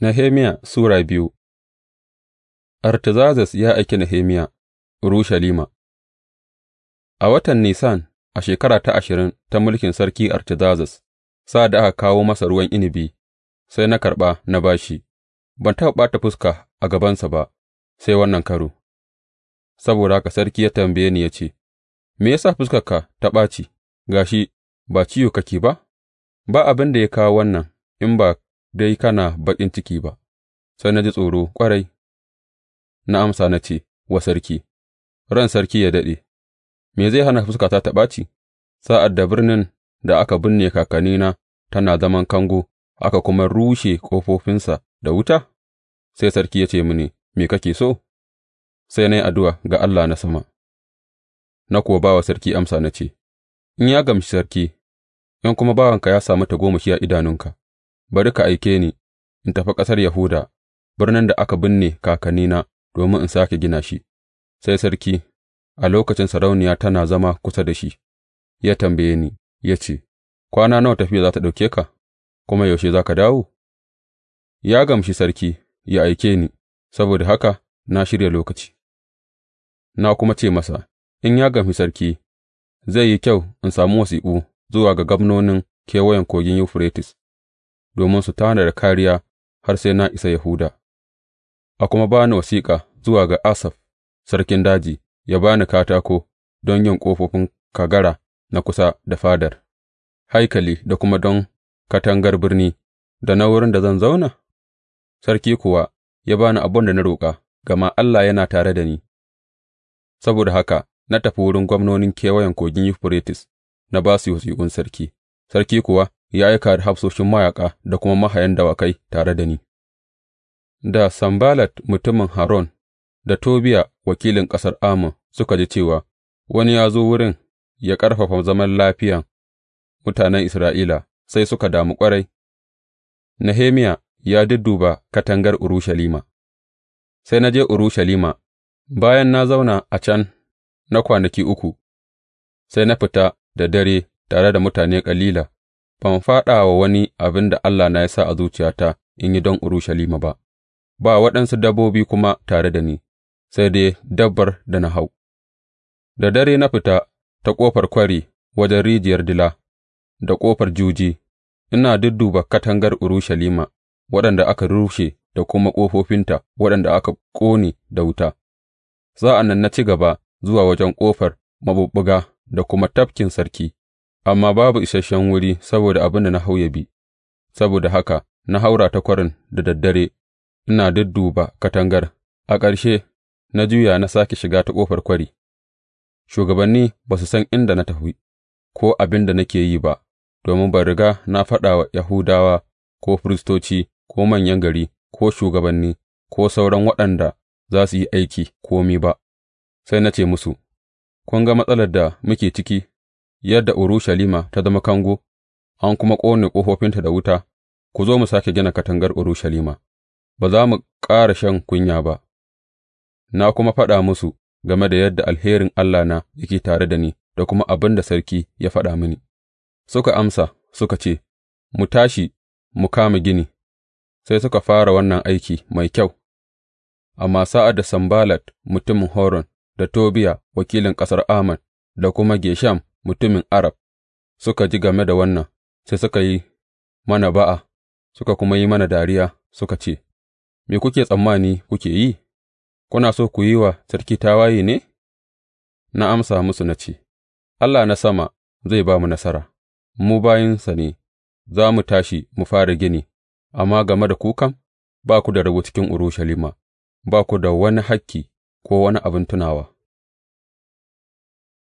Nehemiya Sura biyu Artazazes ya aiki Nehemiya Urushalima A watan Nisan, a shekara ta ashirin ta mulkin sarki Artazazes, sa'ad da aka kawo masa ruwan inibi, sai na karɓa na ba shi, ban taɓa ɓata fuska a gabansa ba, sai wannan karo. Saboda haka sarki ya tambaye ni ya ce, Me ya sa fuskarka ta ɓaci, gashi ba ciwo kake ba? Ba abin da ya kawo wannan in ba dai kana baƙin ciki ba, sai na ji tsoro ƙwarai, na amsa na ce wa sarki, ran sarki ya daɗe, me zai hana fuskata ta ɓaci, sa'ad da birnin da aka binne kakannina tana zaman kango aka kuma rushe ƙofofinsa da wuta? Sai sarki ya ce mini, Me kake so? Sai na yi addu'a ga Allah na sama, na kuwa ba wa sarki amsa na ce, In ya gamshi sarki, in kuma bawanka ya sami tagomashi a idanunka. Bari ka aike ni in tafi ƙasar Yahuda, birnin da aka binne kakannina domin in sake gina shi. Sai sarki, a lokacin sarauniya tana zama kusa da shi, ya tambaye ni, ya ce, Kwana nawa tafiya za ta ɗauke ka, kuma yaushe za ka dawo? Ya gamshi sarki, ya aike ni, saboda haka na shirya lokaci. Na kuma ce masa, In ya gamshi sarki, zai yi kyau in samu wasiƙu zuwa ga gwamnonin kewayen Kogin Yuferites domin su tanada kariya har sai na isa Yahuda, a kuma ba ni wasiƙa zuwa ga Asaf sarkin daji, ya ba ni katako don yin ƙofofin kagara na kusa da fadar, haikali da kuma don katangar birni, da na wurin da zan zauna? Sarki kuwa ya ba ni abin da na roƙa, gama Allah yana tare da ni. Saboda haka na tafi wurin gwamnonin kewayen kogin Yuferites na ba su wasiƙun sarki, sarki kuwa ya aika da hafsoshin mayaƙa da kuma mahayan dawakai tare da ni, da Sambalat mutumin Haron da Tobiya wakilin ƙasar Amun suka ji cewa wani ya zo wurin ya ƙarfafa zaman lafiyan mutanen Isra'ila, sai suka damu ƙwarai. Nehemiya ya dudduba katangar Urushalima Sai na je Urushalima, bayan na zauna a can na kwanaki uku, sai na fita da dare tare da mutane ƙalila ban faɗa wa wani abin da na ya sa a zuciyata in yi don Urushalima ba, ba waɗansu dabbobi kuma tare da ni, sai dai dabbar da na hau. Da dare na fita ta ƙofar kwari wajen rijiyar dila da ƙofar juji, ina dudduba katangar Urushalima waɗanda aka rushe da kuma ƙofofinta waɗanda aka ƙone da wuta. Sa'an nan na ci gaba zuwa wajen ƙofar maɓuɓɓuga da kuma tafkin sarki, amma babu isasshen wuri saboda abin da na hau ya bi, saboda haka na haura ta kwarin da daddare ina dudduba katangar, a ƙarshe na juya na sake shiga ta ƙofar kwari, shugabanni ba su san inda na tafi ko abin da nake yi ba, domin ban riga na faɗa wa Yahudawa ko firistoci ko manyan gari ko shugabanni ko sauran waɗanda za su yi aiki komi ba, sai na ce musu, Kun ga matsalar da muke ciki yadda Urushalima ta zama kango, an kuma ƙone ƙofofinta da wuta, ku zo mu sake gina katangar Urushalima, ba za mu ƙara shan kunya ba, na kuma faɗa musu game da yadda alherin Allah ya yake tare da ni da kuma abin da sarki ya faɗa mini. Suka amsa, suka ce, Mu tashi, mu kama gini, sai suka fara wannan aiki mai kyau, amma sa'ad da Sambalat mutumin Horon da Tobiya wakilin ƙasar Ahmad da kuma Gesham mutumin Arab suka ji game da wannan, sai suka yi mana ba'a, suka kuma yi mana dariya, suka ce, Me kuke tsammani kuke yi, kuna so ku yi wa sarki tawaye ne? Na amsa musu na ce, Allah na sama zai ba mu nasara, mu bayinsa ne, za mu tashi mu fara gini, amma game da kukan? ba ku da rabu cikin Urushalima, ba ku da wani hakki ko wani abin tunawa.